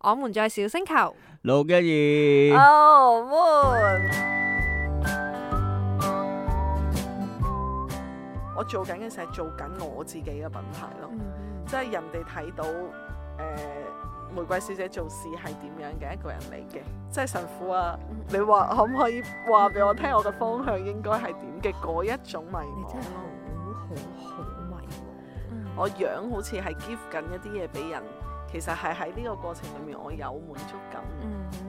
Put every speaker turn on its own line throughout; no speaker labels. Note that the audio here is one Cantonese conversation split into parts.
我們在小星球
六一二。哦、
oh, Moon，我做緊嘅事係做緊我
自己嘅品牌咯，即係、mm hmm. 人哋睇到誒、呃，玫瑰小姐做事係點樣嘅一個人嚟嘅。即、就、係、是、神父啊，你話可唔可以話俾我聽，我嘅方向應該係點嘅？嗰 一種迷茫，好好迷我。Mm hmm. 我樣好似係 give 緊一啲嘢俾人。其實係喺呢個過程裏面，我有滿足感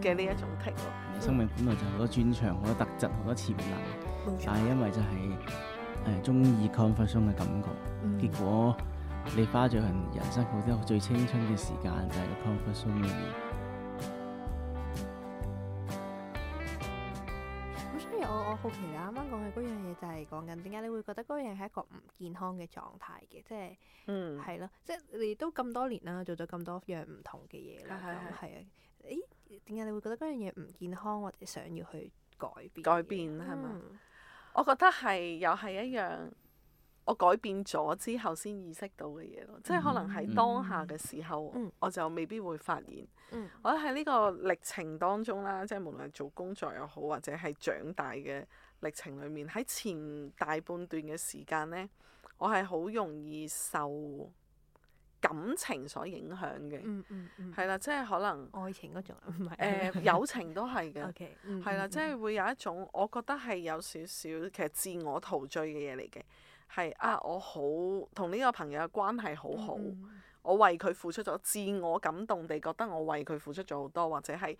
嘅呢一種剔咯。生命
本來就好多專長、好多特質、好多潛能，嗯、但係因為就係、是、誒鍾、呃、意 comfort zone 嘅感覺，嗯、結果你花咗人生好多最青春嘅時間就係個 comfort zone 裏面。
好奇啦，啱啱講起嗰樣嘢就係講緊點解你會覺得嗰樣嘢係一個唔健康嘅狀態嘅，即係，嗯，係咯，即係你都咁多年啦，做咗咁多樣唔同嘅嘢啦，咁係的啊，誒，點解你會覺得嗰樣嘢唔健康或者想要去改變？改變係嘛、嗯？我覺得係又係一樣。我
改變咗之後，先意識到嘅嘢咯，即係可能喺當下嘅時候，嗯、我就未必會發現。嗯、我喺呢個歷程當中啦，即係無論係做工作又好，或者係長大嘅歷程裡面，喺前大半段嘅時間呢，我係好容易受感情所影響嘅、嗯。嗯係啦、嗯，即係可
能愛情嗰種，唔係、呃、Okay. 友情都係嘅。Okay，係啦，即係
會有一種我覺得係有少少其實自我陶醉嘅嘢嚟嘅。係啊！我好同呢個朋友嘅關係好好，嗯、我為佢付出咗，自我感動地覺得我為佢付出咗好多，或者係。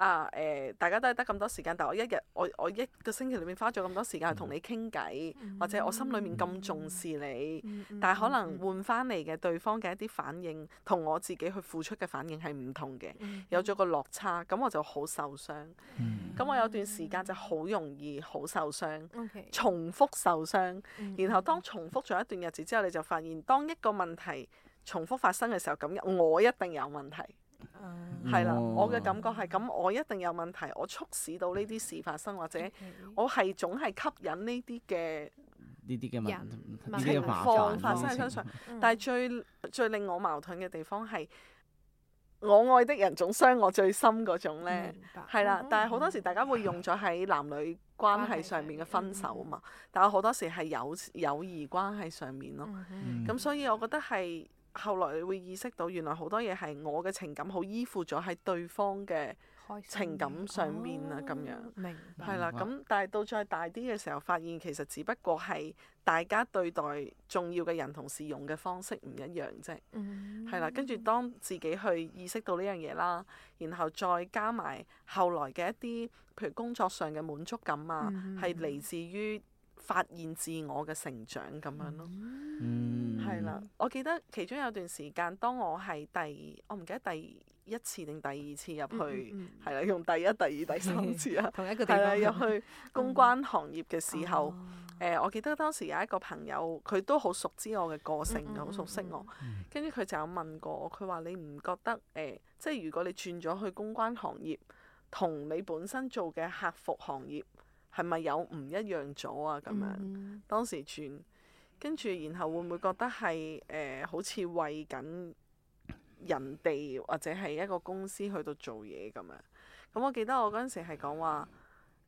啊誒、呃，大家都係得咁多時間，但我一日我我一個星期裏面花咗咁多時間去同你傾偈，或者我心裏面咁重視你，但係可能換翻嚟嘅對方嘅一啲反應，同我自己去付出嘅反應係唔同嘅，有咗個落差，咁我就好受傷。咁我有段時間就好容易好受傷，重複受傷。然後當重複咗一段日子之後，你就發現當一個問題重複發生嘅時候，咁我一定有問題。
係啦，um，我嘅
感覺係咁，我一定有問題，我促使到呢啲事發生，或者我係總係吸引呢啲嘅
呢啲嘅情況發生喺身上，
但係最最令我矛盾嘅地方係我愛的人總傷我最深嗰種咧。明白。係啦，但係好多時大家會用咗喺男女關係上面嘅分手嘛，但我好多時係友友誼關係上面咯。嗯。咁所以，我覺得係。後來你會意識到，原來好多嘢係我嘅情感好依附咗喺對方嘅情感上面。啊，咁樣係啦。咁但係到再大啲嘅時候，發現其實只不過係大家對待重要嘅人同事用嘅方式唔一樣啫。嗯，係啦。跟住當自己去意識到呢樣嘢啦，然後再加埋後來嘅一啲，譬如工作上嘅滿足感啊，係嚟、嗯、自於。發現自我嘅成長咁樣咯，係啦、嗯。我記得其中有段時間，當我係第，我唔記得第一次定第二次入去，係啦、嗯嗯，用第一、第二、第三次啊，同一個地方入去公關行業嘅時候，誒、嗯呃，我記得當時有一個朋友，佢都好熟知我嘅個性，好、嗯、熟悉我，跟住佢就有問過我，佢話你唔覺得誒、呃，即係如果你轉咗去公關行業，同你本身做嘅客服行業？係咪有唔一樣咗啊？咁樣、mm hmm. 當時轉跟住，然後會唔會覺得係誒、呃、好似為緊人哋或者係一個公司去到做嘢咁樣？咁我記得我嗰陣時係講話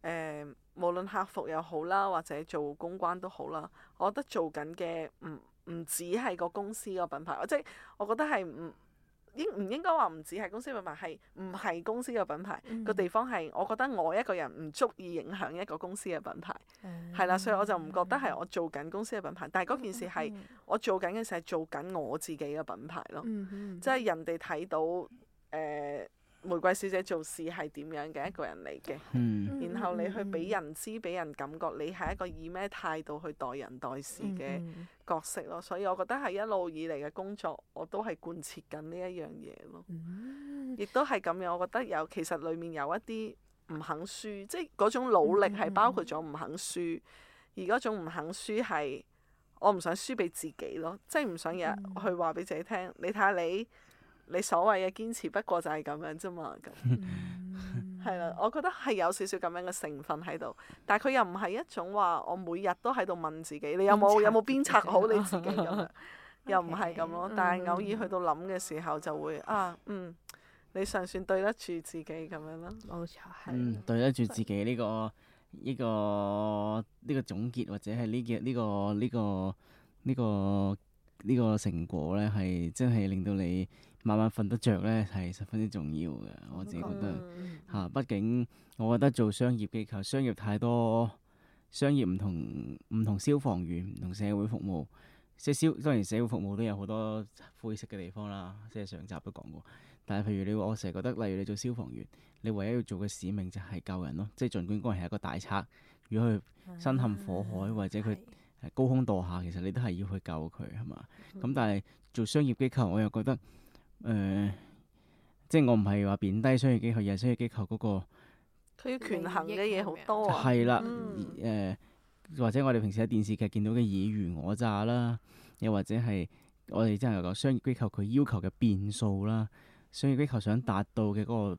誒，無論客服又好啦，或者做公關都好啦，我覺得做緊嘅唔唔只係個公司個品牌，我即係我覺得係唔。應唔應該話唔止係公司品牌，係唔係公司嘅品牌個、嗯、哼地方係？我覺得我一個人唔足以影響一個公司嘅品牌，係啦、嗯哼，所以我就唔覺得係我做緊公司嘅品牌。但係嗰件事係、嗯、哼我做緊嘅事係做緊我自己嘅品牌咯，即係、嗯、哼人哋睇到誒。呃玫瑰小姐做事係點樣嘅一個人嚟嘅，嗯、然後你去俾人知，俾、嗯、人感覺你係一個以咩態度去待人待事嘅角色咯。嗯嗯、所以我覺得係一路以嚟嘅工作，我都係貫徹緊呢一樣嘢咯。亦都係咁樣，我覺得有其實裡面有一啲唔肯輸，即係嗰種努力係包括咗唔肯輸，嗯嗯、而嗰種唔肯輸係我唔想輸俾自己咯，即係唔想日、嗯、去話俾自己聽，你睇下你。你所謂嘅堅持，不過就係咁樣啫嘛，咁係啦。我覺得係有少少咁樣嘅成分喺度，但係佢又唔係一種話我每日都喺度問自己，你有冇有冇鞭，策 鞭策好你自己咁樣， 樣，又唔係咁咯。但係偶爾去到諗嘅時候就會、嗯、啊，嗯，你尚算對得住自己咁樣咯。冇錯，係，
對得住自己呢個呢個呢個總結，或者係呢嘅呢個呢個呢個。呢個成果咧，係真係令到你晚晚瞓得着咧，係十分之重要嘅。我自己覺得嚇、嗯啊。畢竟我覺得做商業機構，商業太多商業唔同唔同，消防員唔同社會服務，即係消當然社會服務都有好多灰色嘅地方啦，即係上集都講過。但係譬如你，我成日覺得，例如你做消防員，你唯一要做嘅使命就係救人咯，即係儘管嗰人係一個大賊，如果佢身陷火海、嗯、或者佢。高空墮下，其實你都係要去救佢，係嘛？咁、嗯、但係做商業機構，我又覺得誒、呃，即係我唔係話貶低商業機構，而係商業機構嗰、那個
佢權衡嘅嘢好多、啊。係啦、嗯，
誒、呃、或者我哋平時喺電視劇見到嘅爾虞我詐啦，又或者係我哋即係話個商業機構佢要求嘅變數啦，商業機構想達到嘅嗰個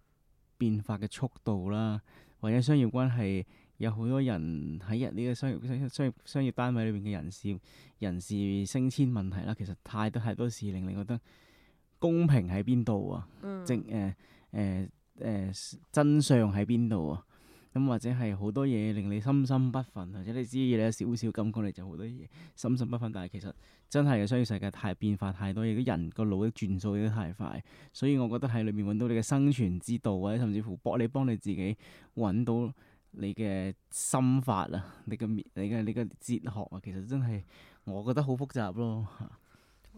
變化嘅速度啦，嗯、或者商業關係。有好多人喺入呢個商業、商業、商業單位裏邊嘅人事人事升遷問題啦，其實太多太多事令你覺得公平喺邊度啊？即誒誒誒真相喺邊度啊？咁或者係好多嘢令你深深不憤，或者你知你有少少感覺，你就好多嘢深深不憤。但係其實真係嘅商業世界太變化太多嘢，人個腦嘅轉數亦都太快，所以我覺得喺裏面揾到你嘅生存之道，或者甚至乎幫你幫你自己揾到。你嘅心法啊，你嘅你嘅你嘅哲學啊，其實真係我覺得好複雜咯。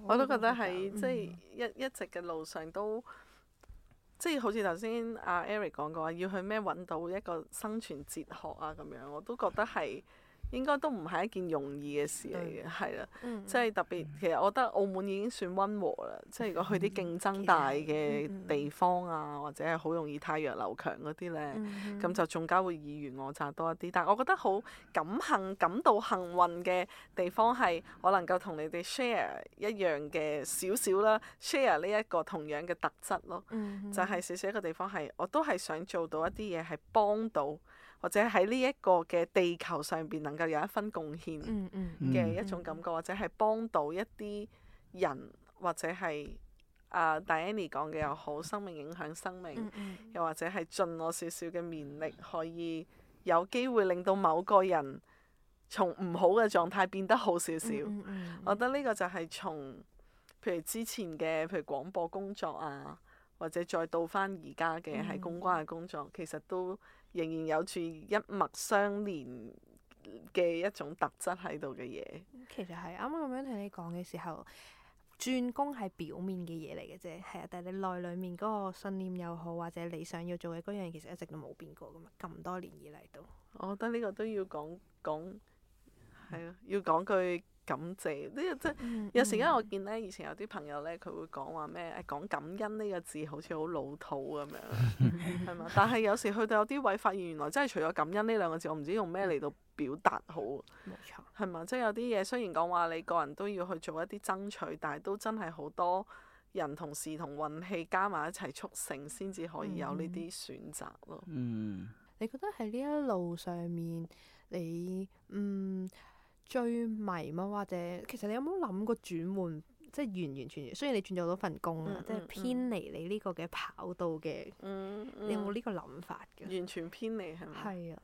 我都覺得係，嗯、即係一
一直嘅路上都，即係好似頭先阿 Eric 講過話，要去咩搵到一個生存哲學啊咁樣，我都覺得係。 應該都唔係一件容易嘅事嚟嘅，係啦，即係特別，嗯、其實我覺得澳門已經算温和啦。即係、嗯、如果去啲競爭大嘅地方啊，嗯、或者係好容易太弱流強嗰啲咧，咁、嗯、就仲加會以我擋多一啲。但係我覺得好感幸感到幸運嘅地方係，我能夠同你哋 share 一樣嘅少少啦，share 呢一個同樣嘅特質咯，嗯嗯、就係少少一個地方係，我都係想做到一啲嘢係幫到。或者喺呢一個嘅地球上邊能夠有一分貢獻嘅一種感覺，嗯嗯、或者係幫到一啲人，嗯嗯、或者係啊大 Annie 講嘅又好，生命影響生命，又、嗯、或者係盡我少少嘅綿力，可以有機會令到某個人從唔好嘅狀態變得好少少。嗯嗯嗯、我覺得呢個就係從譬如之前嘅譬如廣播工作啊。或者再到翻而家嘅喺公關嘅工作，其實都仍然有住一脈相連嘅一種特質喺度嘅嘢。
其實係啱啱咁樣聽你講嘅時候，轉工係表面嘅嘢嚟嘅啫，係啊，但係你內裏面嗰個信念又好，或者你想要做嘅嗰樣嘢，其實一直都冇變過噶嘛，咁多年以嚟都。我覺得呢個都要
講講，係啊，要講句。感謝呢個即
係有時，而家
我見咧，以前有啲朋友咧，佢會講話咩？誒、啊、講感恩呢個字好似好老土咁樣，係嘛？ 但係有時去到有啲位，發現原來真係除咗感恩呢兩個字，我唔知用咩嚟到表達好。冇錯。係嘛？即係有啲嘢，雖然講話你個人都要去做一啲爭取，但係都真係好多人同事同運氣加埋一齊促成，先至可
以有呢啲選擇咯。嗯。
嗯，
你覺得喺呢一路上面，你嗯，最迷茫，或者其實你有冇諗過轉換，即係完完全全完，雖然你轉咗好多份工啦，嗯、即係偏離你呢個嘅跑道嘅，嗯嗯、你有冇呢個諗法嘅？完全偏離係咪？係啊，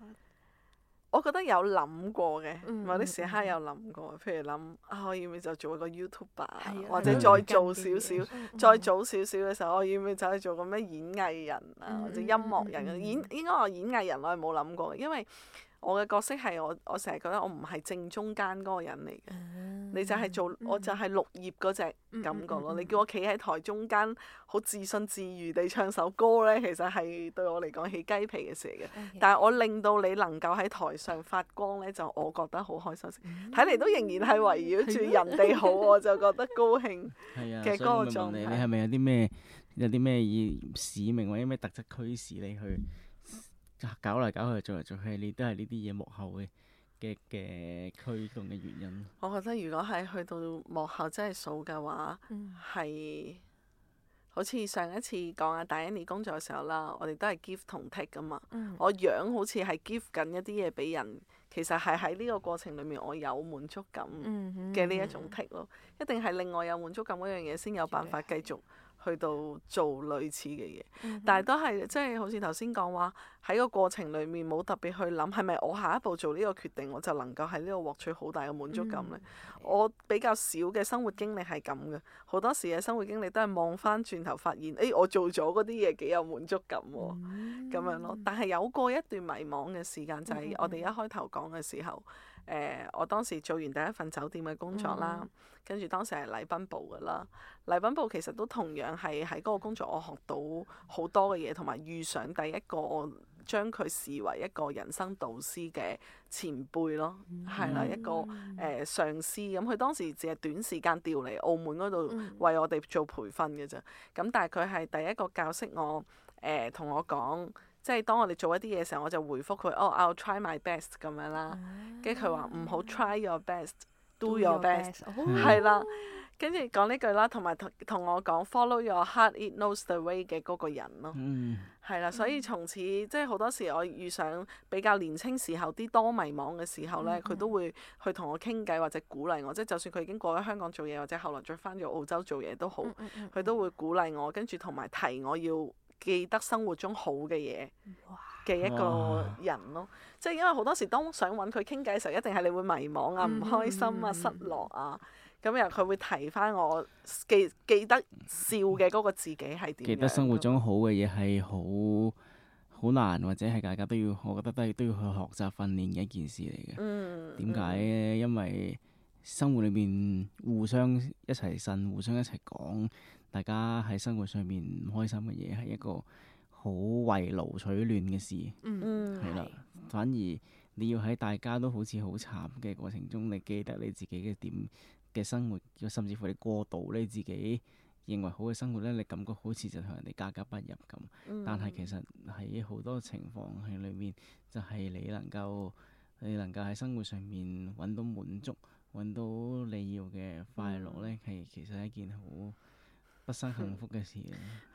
我覺得
有諗過嘅，嗯、有啲時刻有諗過，譬、嗯、如諗啊，我要唔要就做一個 YouTuber，啊、或者再做少少，少，嗯嗯、再早少少嘅時候，我要唔要就去做個咩演藝人啊，或者音樂人啊？演、嗯，應該我演藝人我係冇諗過，因為。我嘅角色係我，我成日覺得我唔係正中間嗰個人嚟嘅，嗯、你就係做，嗯、我就係綠葉嗰隻感覺咯。嗯嗯嗯、你叫我企喺台中間，好自信自如地唱首歌咧，其實係對我嚟講起雞皮嘅事嚟嘅。Okay. 但係我令到你能夠喺台上發光咧，就我覺得好開心。睇嚟、嗯、都仍然係圍繞住人哋好， 我就覺得高興
嘅個狀態、啊。你你係咪有啲咩有啲咩要使命或者咩特質驅使你去？搞嚟搞去，做嚟做去，你都係呢啲嘢幕後嘅嘅嘅驅動嘅原因。
我覺得如果係去到幕後真係數嘅話，係、嗯、好似上一次講阿大 any 工作嘅時候啦，我哋都係 give 同 take 噶嘛。嗯、我樣好似係 give 緊一啲嘢俾人，其實係喺呢個過程裡面，我有滿足感嘅呢一種 take 咯。嗯、哼一定係另外有滿足感嗰樣嘢先有辦法繼續去到做類似嘅嘢。嗯、哼但係都係即係好似頭先講話。喺個過程裏面冇特別去諗係咪我下一步做呢個決定我就能夠喺呢度獲取好大嘅滿足感咧？嗯、我比較少嘅生活經歷係咁嘅，好多時嘅生活經歷都係望翻轉頭發現，誒、哎、我做咗嗰啲嘢幾有滿足感喎，咁、嗯、樣咯。但係有過一段迷茫嘅時間，就係、是、我哋一開頭講嘅時候，誒、嗯呃、我當時做完第一份酒店嘅工作啦，嗯、跟住當時係禮賓部噶啦，禮賓部其實都同樣係喺嗰個工作我學到好多嘅嘢，同埋遇上第一個。將佢視為一個人生導師嘅前輩咯，係啦、mm hmm. 一個誒、呃、上司咁。佢、嗯、當時只係短時間調嚟澳門嗰度為我哋做培訓嘅啫。咁、mm hmm. 但係佢係第一個教識我誒，同、呃、我講，即係當我哋做一啲嘢時候，我就回覆佢，哦、oh，I'll try my best 咁樣啦。跟住佢話唔好 try your best，do your best，係啦。Mm hmm. mm hmm. 跟住講呢句啦，同埋同我講 Follow your heart, it knows the way 嘅嗰個人咯，係啦、mm hmm.，所以從此即係好多時我遇上比較年青時候啲多迷茫嘅時候呢，佢、mm hmm. 都會去同我傾偈或者鼓勵我，即係就算佢已經過咗香港做嘢，或者後來再翻咗澳洲做嘢都好，佢、mm hmm. 都會鼓勵我，跟住同埋提我要記得生活中好嘅嘢嘅一個人咯，即係、mm hmm. 因為好多時當想揾佢傾偈嘅時候，一定係你會迷茫啊、唔、mm hmm. 開心啊、失落啊。咁又佢會提翻我記記得笑嘅嗰個自己係點？記得生活
中好嘅嘢係好好難，或者係大家都要，我覺得都亦都要去學習訓練嘅一件事嚟嘅。嗯。點解咧？嗯、因為生活裏面互相一齊呻，互相一齊講，大家喺生活上面唔開心嘅嘢係一個好為樂取亂嘅事。係啦，的嗯，反而你要喺大家都好似好慘嘅過程中，你記得你自己嘅點。嘅生活，甚至乎你過度你自己認為好嘅生活咧，你感覺好似就同人哋格格不入咁。嗯、但係其實喺好多情況喺裏面，就係、係、你能夠，你能夠喺生活上面揾到滿足，揾到你要嘅快樂咧，係、嗯、其實一件好，不生幸福嘅事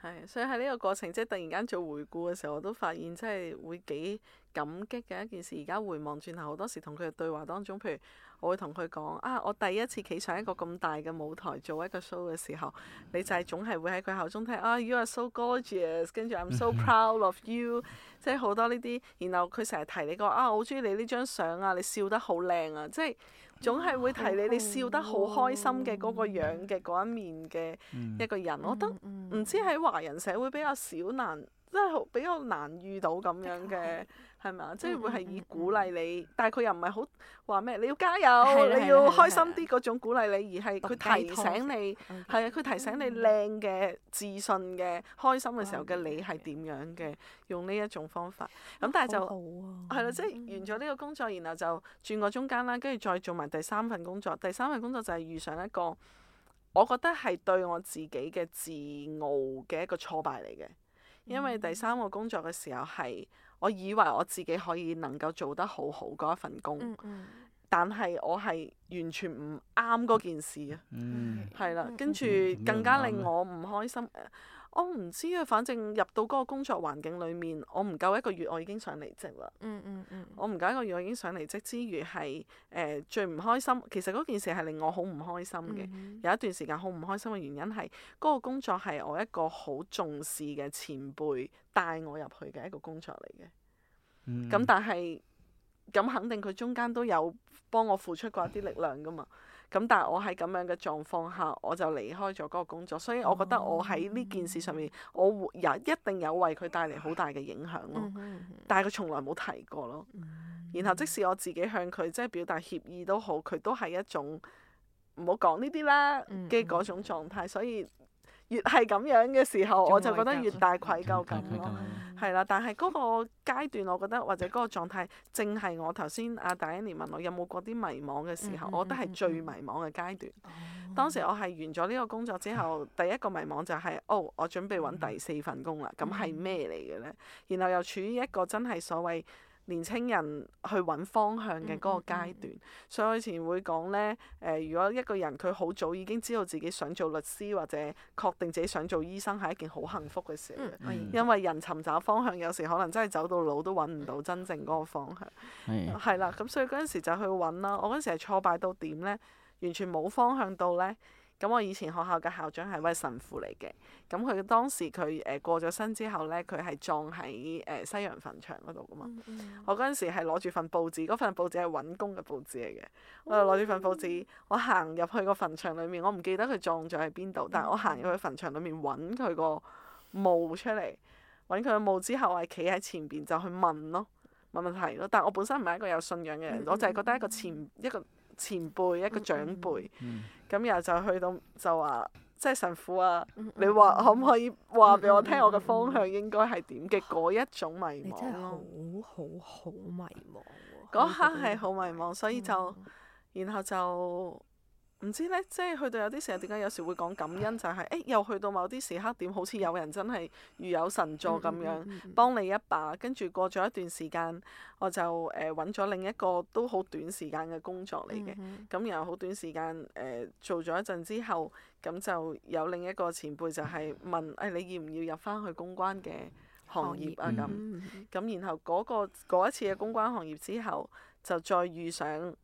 啊！
所以喺呢個過程，即係突然間做回顧嘅時候，我都發現真係會幾感激嘅一件事。而家回望轉頭，好多時同佢嘅對話當中，譬如我會同佢講啊，我第一次企上一個咁大嘅舞台做一個 show 嘅時候，你就係總係會喺佢口中聽 啊，You are so gorgeous，跟住 I'm so proud of you， 即係好多呢啲。然後佢成日提你講啊，我好中意你呢張相啊，你笑得好靚啊，即係。總係會提你，你笑得好開心嘅嗰個樣嘅嗰一面嘅一個人，嗯、我覺得唔知喺華人社會比較少難，即係比較難遇到咁樣嘅。嗯嗯嗯嗯係咪啊？嗯、即係會係以鼓勵你，嗯、但係佢又唔係好話咩？你要加油，的你要開心啲嗰的種鼓勵你，而係佢提醒你，係啊、嗯，佢提醒你靚嘅、自信嘅、開心嘅時候嘅你係點樣嘅？用呢一種方法，咁、嗯嗯、但係就係咯，即係、啊就是、完咗呢個工作，然後就轉過中間啦，跟住再做埋第三份工作。第三份工作就係遇上一個，我覺得係對我自己嘅自傲嘅一個挫敗嚟嘅，
因為第
三個工作嘅時候係。我以為我自己可以能夠做得好好嗰一份工，嗯嗯，但係我係完全唔啱嗰件事啊，係啦，跟住更加令我唔開心。嗯嗯 我唔知啊，反正入到嗰個工作環境裏面，我唔夠一個月，我已經想離職啦。嗯嗯嗯。我唔夠一個月，我已經想離職之餘係誒最唔開心。其實嗰件事係令我好唔開心嘅。嗯嗯，有一段時間好唔開心嘅原因係嗰、嗰個工作係我一個好重視嘅前輩帶我入去嘅一個工作嚟嘅。嗯。咁但係，咁肯定佢中間都有幫我付出過一啲力量噶嘛。咁但係我喺咁樣嘅狀況下，我就離開咗嗰個工作，所以我覺得我喺呢件事上面，我有一定有為佢帶嚟好大嘅影響咯。但係佢從來冇提過咯。然後即使我自己向佢即係表達歉意都好，佢都係一種唔好講呢啲啦嘅嗰種狀態，所以。越係咁樣嘅時候，我就覺得越大愧疚感咯，係啦。但係嗰個階段，我覺得或者嗰個狀態，正係我頭先阿戴安妮問我有冇過啲迷茫嘅時候，嗯嗯嗯嗯，我覺得係最迷茫嘅階段。哦、當時我係完咗呢個工作之後，第一個迷茫就係、是，哦，我準備揾第四份工啦。咁係咩嚟嘅呢？然後又處於一個真係所謂。年青人去揾方向嘅嗰個階段，嗯嗯、所以我以前會講呢：誒、呃，如果一個人佢好早已經知道自己想做律師或者確定自己想做醫生，係一件好幸福嘅事、嗯、因為人尋找方向有時可能真係走到老都揾唔到真正嗰個方向，係啦，咁所以嗰陣時就去揾啦。我嗰陣時係挫敗到點呢？完全冇方向到呢。咁我以前學校嘅校長係一位神父嚟嘅，咁佢當時佢誒、呃、過咗身之後咧，佢係撞喺誒、呃、西洋墳場嗰度噶嘛。Mm hmm. 我嗰陣時係攞住份報紙，嗰份報紙係揾工嘅報紙嚟嘅。Mm hmm. 我就攞住份報紙，我行入去個墳場裡面，我唔記得佢撞咗喺邊度，mm hmm. 但係我行入去墳場裡面揾佢個墓出嚟，揾佢個墓之後，我係企喺前邊就去問咯，問問題咯。但我本身唔係一個有信仰嘅人，我就係覺得一個前一個。Hmm. Mm hmm. 前輩一個長輩，咁然後就去到就話，即係神父啊，mm hmm. 你話可唔可以話俾我聽，我嘅方向應該係點嘅？嗰、mm hmm. 一種迷茫
好好好迷茫嗰、啊、刻係好
迷茫，所以就，mm hmm. 然後就。唔知咧，即、就、係、是、去到有啲時候點解有時會講感恩，就係、是、誒、欸、又去到某啲時刻點，好似有人真係如有神助咁樣、嗯、哼幫你一把。跟住過咗一段時間，我就誒揾咗另一個都好短時間嘅工作嚟嘅。咁、嗯、哼然後好短時間誒、呃、做咗一陣之後，咁就有另一個前輩就係問誒、哎、你要唔要入翻去公關嘅行業啊？咁咁然後嗰、那個嗰一次嘅公關行業之後，就再遇上。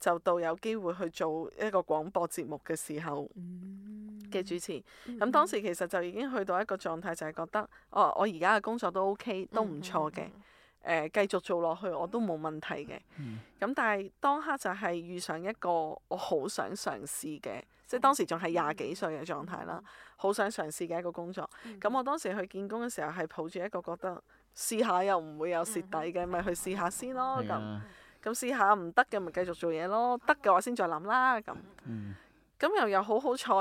就到有機會去做一個廣播節目嘅時候嘅主持，咁、mm. 當時其實就已經去到一個狀態，就係覺得我我而家嘅工作都 OK，都唔錯嘅，誒、mm. 呃、繼續做落去我都冇問題嘅。咁、mm. 嗯、但係當刻就係遇上一個我好想嘗試嘅，即係、mm. 當時仲係廿幾歲嘅狀態啦，好想嘗試嘅一個工作。咁我當時去見工嘅時候係抱住一個覺得試下又唔會有蝕底嘅，咪、mm. 去試下先咯咁。né. 咁試下唔得嘅咪繼續做嘢咯，得嘅話先再諗啦咁。咁、嗯、又又好好彩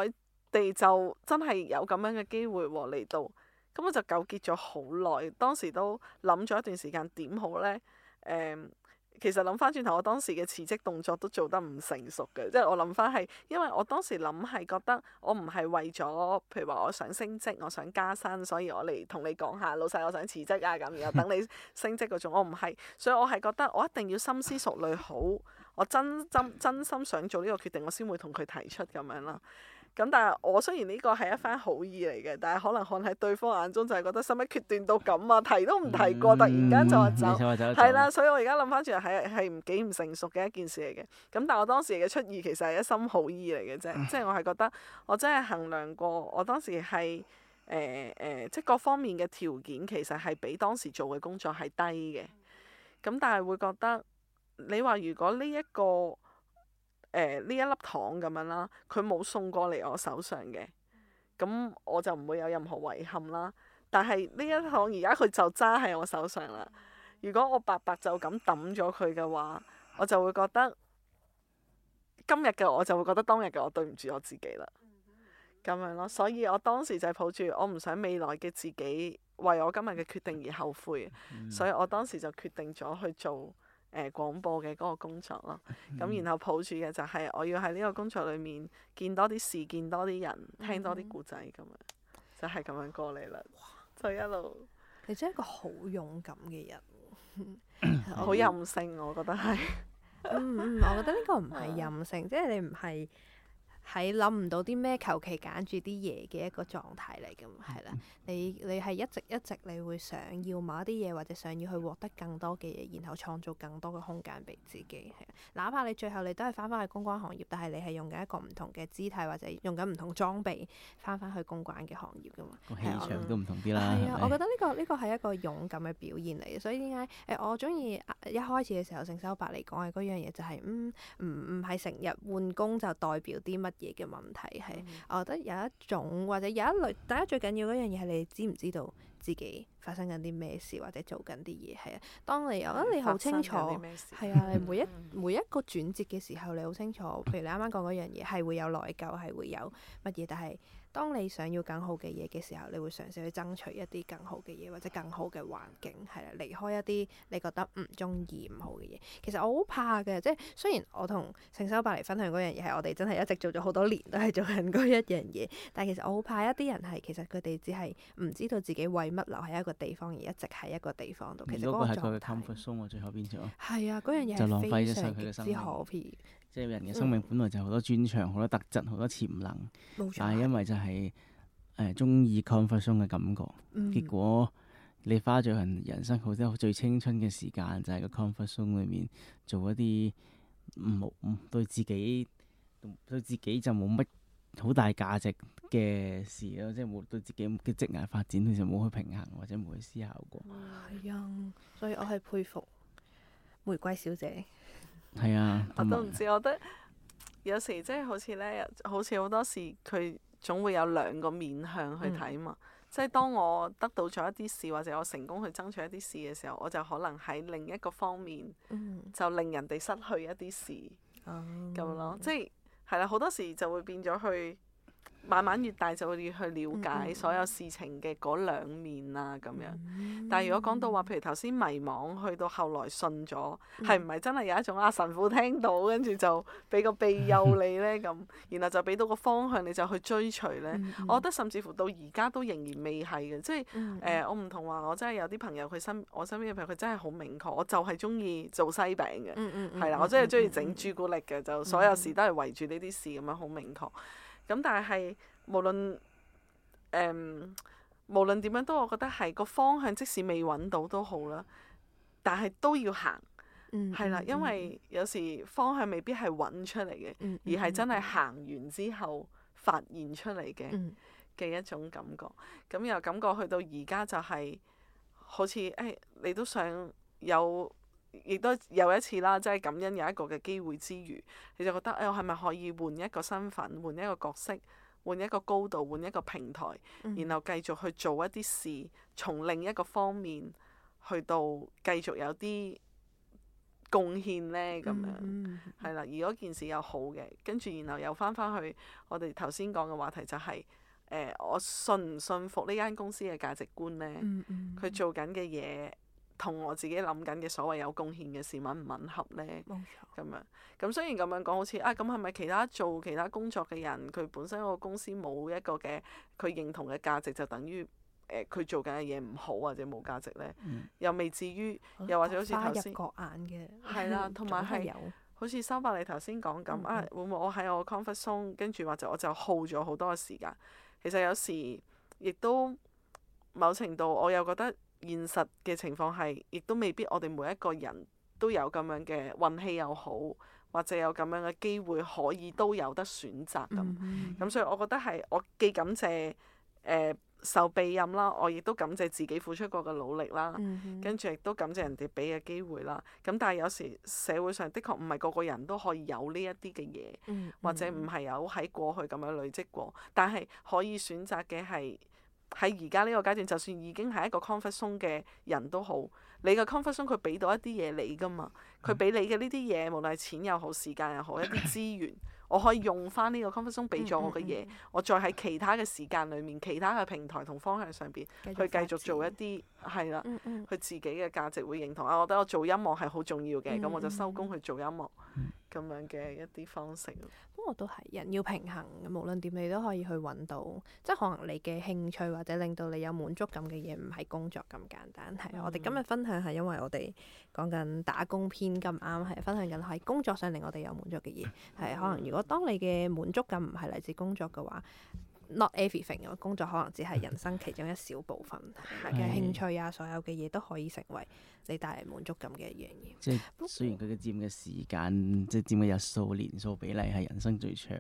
地就真係有咁樣嘅機會喎、嚟到，咁我就糾結咗好耐，當時都諗咗一段時間點好呢。誒、嗯。其實諗翻轉頭，我當時嘅辭職動作都做得唔成熟嘅，即係我諗翻係，因為我當時諗係覺得我唔係為咗，譬如話我想升職，我想加薪，所以我嚟同你講下老細、啊，我想辭職啊咁，然後等你升職嗰種，我唔係，所以我係覺得我一定要深思熟慮好，我真真真心想做呢個決定，我先會同佢提出咁樣啦。咁但係我雖然呢個係一番好意嚟嘅，但係可能看喺對方眼中就係覺得使乜決斷到咁啊，提都唔提過，突然間就話走，係啦、嗯，所以我而家諗翻轉係係唔幾唔成熟嘅一件事嚟嘅。咁但係我當時嘅出意其實係一心好意嚟嘅啫，唉即係我係覺得我真係衡量過，我當時係誒誒，即各方面嘅條件其實係比當時做嘅工作係低嘅。咁但係會覺得你話如果呢一個，誒，呢、欸、一粒糖咁樣啦，佢冇送過嚟我手上嘅，咁我就唔會有任何遺憾啦。但係呢一糖而家佢就揸喺我手上啦。如果我白白就咁抌咗佢嘅話，我就會覺得今日嘅我就會覺得當日嘅我對唔住我自己啦。咁樣咯，所以我當時就係抱住我唔想未來嘅自己為我今日嘅決定而後悔，嗯、所以我當時就決定咗去做。誒、呃、廣播嘅嗰個工作咯，咁然後抱住嘅就係我要喺呢個工作裏面見多啲事，見多啲人，聽多啲故仔咁樣，嗯、就係咁樣過嚟啦。哇就一路，你
真係一個好勇敢嘅人， 好任性 Okay. 我覺得係。嗯嗯，我覺得呢個唔係任性， 即係你唔係。喺諗唔到啲咩，求其揀住啲嘢嘅一個狀態嚟噶嘛，係啦。你你係一直一直，你會想要某一啲嘢，或者想要去獲得更多嘅嘢，然後創造更多嘅空間俾自己。係，哪怕你最後你都係翻返去公關行業，但係你係用緊一個唔同嘅姿態，或者用緊唔同裝備翻返去公關嘅行業噶嘛。個氣場都唔
同啲啦。係啊，我覺
得呢個呢個係一個勇敢嘅表現嚟嘅，所以點解誒我中意一開始嘅時候，盛修白嚟講嘅嗰樣嘢就係，嗯，唔唔係成日換工就代表啲乜？嘢嘅問題係，嗯、我覺得有一種或者有一類，大家最緊要嗰樣嘢係你知唔知道自己發生緊啲咩事或者做緊啲嘢。係啊，當你我覺得你好清楚，係啊，你每一 每一個轉折嘅時候，你好清楚。譬如你啱啱講嗰樣嘢，係會有內疚，係會有乜嘢，但係。當你想要更好嘅嘢嘅時候，你會嘗試去爭取一啲更好嘅嘢，或者更好嘅環境，係啦，離開一啲你覺得唔中意、唔好嘅嘢。其實我好怕嘅，即係雖然我同聖修伯嚟分享嗰樣嘢係我哋真係一直做咗好多年都係做緊嗰一樣嘢，但係其實我好怕一啲人係其實佢哋只係唔知道自己為乜留喺一個地方而一直喺一個地方度。其實嗰個係佢
comfort zone 喎，最後變咗。係啊，嗰樣嘢係非常之可恥。即係人嘅生命本來就好多專長、好、嗯、多特質、好多潛能。錯但係因為就係、是、誒中、呃、意 comfort zone 嘅感覺，嗯、結果你花咗人人生好多最青春嘅時間，就係、是、個 comfort zone 裏面做一啲冇、嗯嗯、對自己對自己就冇乜好大價值嘅事咯，嗯、即係冇對自己嘅職涯發展，佢就冇去平衡或者冇去思考過。
係啊，young，所以我係佩服玫瑰小姐。
係啊，我都唔
知，嗯、我覺得有時即係好似咧，好似好多時佢總會有兩個面向去睇嘛。嗯、即係當我得到咗一啲事，或者我成功去爭取一啲事嘅時候，我就可能喺另一個方面、嗯、就令人哋失去一啲事咁、嗯、咯。即係係啦，好多時就會變咗去。慢慢越大就會越去了解所有事情嘅嗰兩面啊咁樣。嗯、但係如果講到話，譬如頭先迷惘去到後來信咗，係唔係真係有一種啊神父聽到，跟住就俾個庇佑你咧咁，然後就俾到個方向你就去追隨咧？嗯嗯、我覺得甚至乎到而家都仍然未係嘅，即係誒、呃、我唔同話我真係有啲朋友佢身，我身邊嘅朋友佢真係好明確，我就係中意做西餅嘅，係
啦、嗯嗯嗯，我真係中意
整朱古力嘅，嗯嗯、就所有事都係圍住呢啲事咁樣好明確。咁但係無論誒、呃、無論點樣都，我覺得係個方向，即使未揾到都好啦。但係都要行，
係啦，因為
有時方向未必係揾出嚟嘅，嗯嗯、而係真係行完之後發現出嚟嘅嘅一種感覺。咁又、嗯、感覺去到而家就係、是、好似誒、哎，你都想有。亦都有一次啦，即係感恩有一個嘅機會之餘，你就覺得，誒、哎，我係咪可以換一個身份，換一個角色，換一個高度，換一個平台，嗯、然後繼續去做一啲事，從另一個方面去到繼續有啲貢獻咧，咁樣，係、嗯嗯嗯、啦。而果件事又好嘅，跟住然後又翻翻去我哋頭先講嘅話題就係、是、誒、呃，我信唔信服呢間公司嘅價值觀咧？佢、嗯嗯嗯嗯、做緊嘅嘢。同我自己諗緊嘅所謂有貢獻嘅事吻唔吻合咧？冇錯。咁樣咁雖然咁樣講，好似啊咁係咪其他做其他工作嘅人，佢本身個公司冇一個嘅佢認同嘅價值，就等於誒佢、呃、做緊嘅嘢唔好或者冇價值咧？嗯、又未至於，我也 又或者好似頭先，花入
各眼嘅。係、嗯、啦，同埋係。
好似蘇菲你頭先講咁啊，會唔會我喺我 comfort zone，跟住或者我就耗咗好多嘅時間？其實有時亦都某，某程度，我又覺得。現實嘅情況係，亦都未必我哋每一個人都有咁樣嘅運氣又好，或者有咁樣嘅機會可以都有得選擇咁。咁、嗯嗯、所以我覺得係我既感謝誒、呃、受庇蔭啦，我亦都感謝自己付出過嘅努力啦，嗯嗯、跟住亦都感謝人哋俾嘅機會啦。咁但係有時社會上的確唔係個個人都可以有呢一啲嘅嘢，嗯嗯、或者唔係有喺過去咁樣累積過，但係可以選擇嘅係。喺而家呢個階段，就算已經係一個 comfort zone 嘅人都好，你嘅 comfort zone 佢俾到一啲嘢你噶嘛？佢俾你嘅呢啲嘢，無論係錢又好、時間又好，一啲資源，我可以用翻呢個 comfort zone 俾咗我嘅嘢，嗯嗯嗯我再喺其他嘅時間裏面、其他嘅平台同方向上邊去繼續做一啲係啦，佢、嗯嗯、自己嘅價值會認同啊！我覺得我做音樂係好重要嘅，咁、嗯嗯嗯、我就收工去做音樂。嗯咁樣嘅
一啲方式，不過都係人要平衡，無論點你都可以去揾到，即係可能你嘅興趣或者令到你有滿足感嘅嘢，唔係工作咁簡單。係、嗯、我哋今日分享係因為我哋講緊打工篇咁啱，係分享緊喺工作上令我哋有滿足嘅嘢。係、嗯、可能如果當你嘅滿足感唔係嚟自工作嘅話。Not everything，我工作可能只係人生其中一小部分嘅 興趣啊，所有嘅嘢都可以成為你帶嚟滿足感嘅一樣嘢。
即係雖然佢嘅佔嘅時間， 即係佔嘅日數、年數比例係人生最長，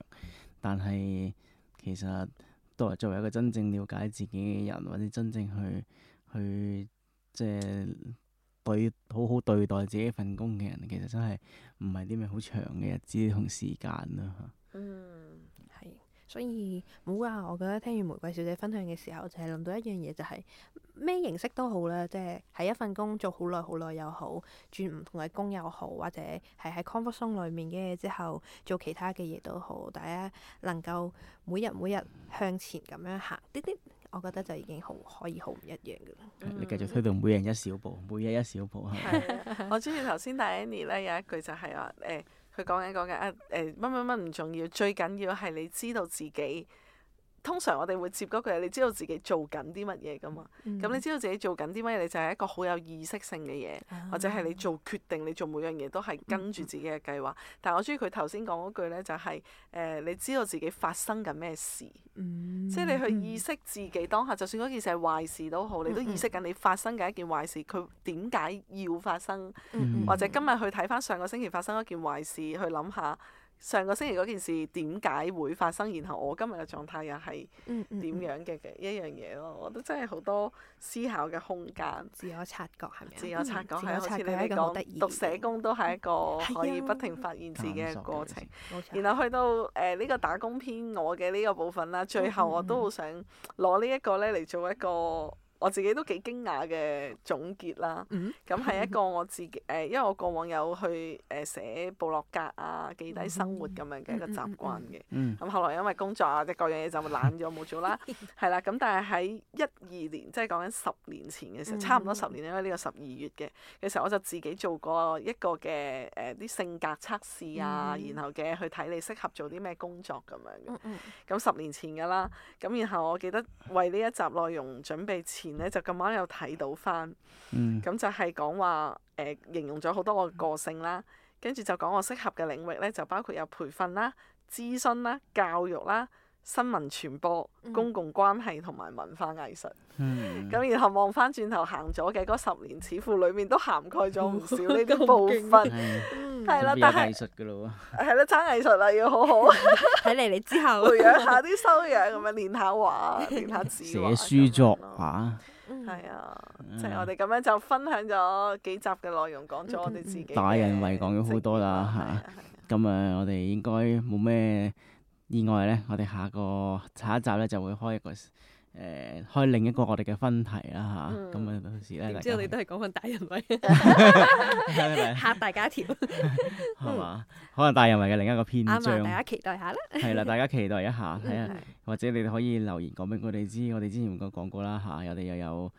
但係其實都係作為一個真正了解自己嘅人，或者真正去去即係對好好對待自己份工嘅人，其實真係唔係啲咩好長嘅日子同時間啦。嗯。
所以唔好啊！我覺得聽完玫瑰小姐分享嘅時候，就係諗到一樣嘢，就係咩形式都好啦，即係喺一份工做好耐好耐又好，轉唔同嘅工又好，或者係喺康復松裏面嘅嘢之後做其他嘅嘢都好，大家能夠每日每日向前咁樣行啲啲，我覺得就已經好可以好唔一樣噶啦。你繼續
推動每人一小步，每日一小步啊！
我鍾意頭先第一年 n 咧有一句就係話誒。佢講緊講緊啊！誒，乜乜乜唔重要，最緊要係你知道自己。通常我哋會接嗰句你知道自己做緊啲乜嘢噶嘛？咁、嗯、你知道自己做緊啲乜嘢，你就係一個好有意識性嘅嘢，啊、或者係你做決定，你做每樣嘢都係跟住自己嘅計劃。嗯、但我中意佢頭先講嗰句呢、就係，就係誒，你知道自己發生緊咩事？嗯、即係你去意識自己、嗯、當下，就算嗰件事係壞事都好，你都意識緊你發生緊一件壞事，佢點解要發生？或者今日去睇翻上個星期發生嗰件壞事，去諗下。上個星期嗰件事點解會發生？然後我今日嘅狀態又係點樣嘅嘅、嗯嗯、一樣嘢咯？我都真係好多思考嘅空間。自
我察覺係咪？
自我察覺係好似你哋講，讀社工都係一個可以不停發現自己嘅過程。啊、然後去到誒呢、呃這個打工篇，我嘅呢個部分啦，最後我都好想攞呢一個咧嚟做一個。嗯嗯我自己都幾驚訝嘅總結啦，咁係、嗯、一個我自己誒、呃，因為我過往有去誒寫部落格啊，記低生活咁樣嘅一個習慣嘅，咁後來因為工作啊，即各樣嘢就懶咗冇做啦，係 啦，咁但係喺一二年，即係講緊十年前嘅時候，嗯、差唔多十年因為，呢個十二月嘅嘅時候，我就自己做過一個嘅誒啲性格測試啊，嗯、然後嘅去睇你適合做啲咩工作咁樣
嘅，
咁、嗯嗯、十年前噶啦，咁然後我記得為呢一集內容準備前咧就咁啱有睇到翻，咁就係講話誒形容咗好多我嘅個性啦，跟住就講我適合嘅領域咧就包括有培訓啦、諮詢啦、教育啦。新聞傳播、公共關係同埋文化藝術，咁然後望返轉頭行咗嘅嗰十年，似乎裏面都涵蓋咗唔少呢啲部分，係啦，但係藝術
嘅咯喎，
係咯，爭藝術啊，要好好喺嚟嚟之後培養下啲修養，咁樣練下畫、練下字、寫
書作畫，
係啊，即係我哋咁樣就分享咗幾集嘅內容，講咗我哋自己大
人圍講咗好多啦嚇，咁啊，我哋應該冇咩。意外咧，我哋下個下一集咧就會開一個誒、呃，開另一個我哋嘅分題啦吓，咁、嗯、啊，到時咧，點、嗯、知道你都
係講翻大人圍吓，大家一條係嘛？
可能大人圍嘅另一個篇章、嗯，大家期待下啦。係啦，大家期待一下，睇下、 嗯、或者你哋可以留言講俾我哋知。我哋之前講講過啦吓，我、啊、哋又有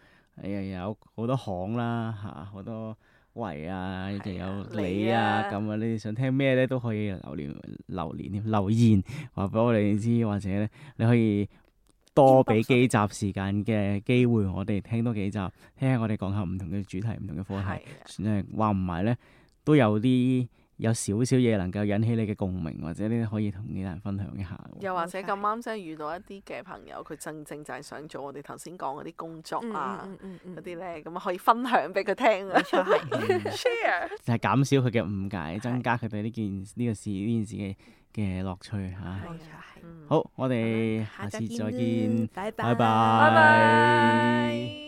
誒有好多行啦吓，好、啊、多。嗯多喂啊，仲有你啊，咁啊，你哋想聽咩咧，都可以留念留言留言，話俾我哋知，或者咧，你可以多俾幾集時間嘅機會，我哋聽多幾集，聽下我哋講下唔同嘅主題，唔同嘅課題，啊、算話唔係咧，都有啲。有少少嘢能夠引起你嘅共鳴，或者你可以同啲人分享一下。
又或者咁啱即係遇到一啲嘅朋友，佢真正，正就係想做我哋頭先講嗰啲工作啊，嗰啲咧，咁、嗯嗯、可以分享俾佢聽
share 就係減少佢嘅誤解，增加佢對呢件呢個事呢件事嘅嘅的樂趣嚇。好，我哋下次再見。拜拜。拜拜。拜拜。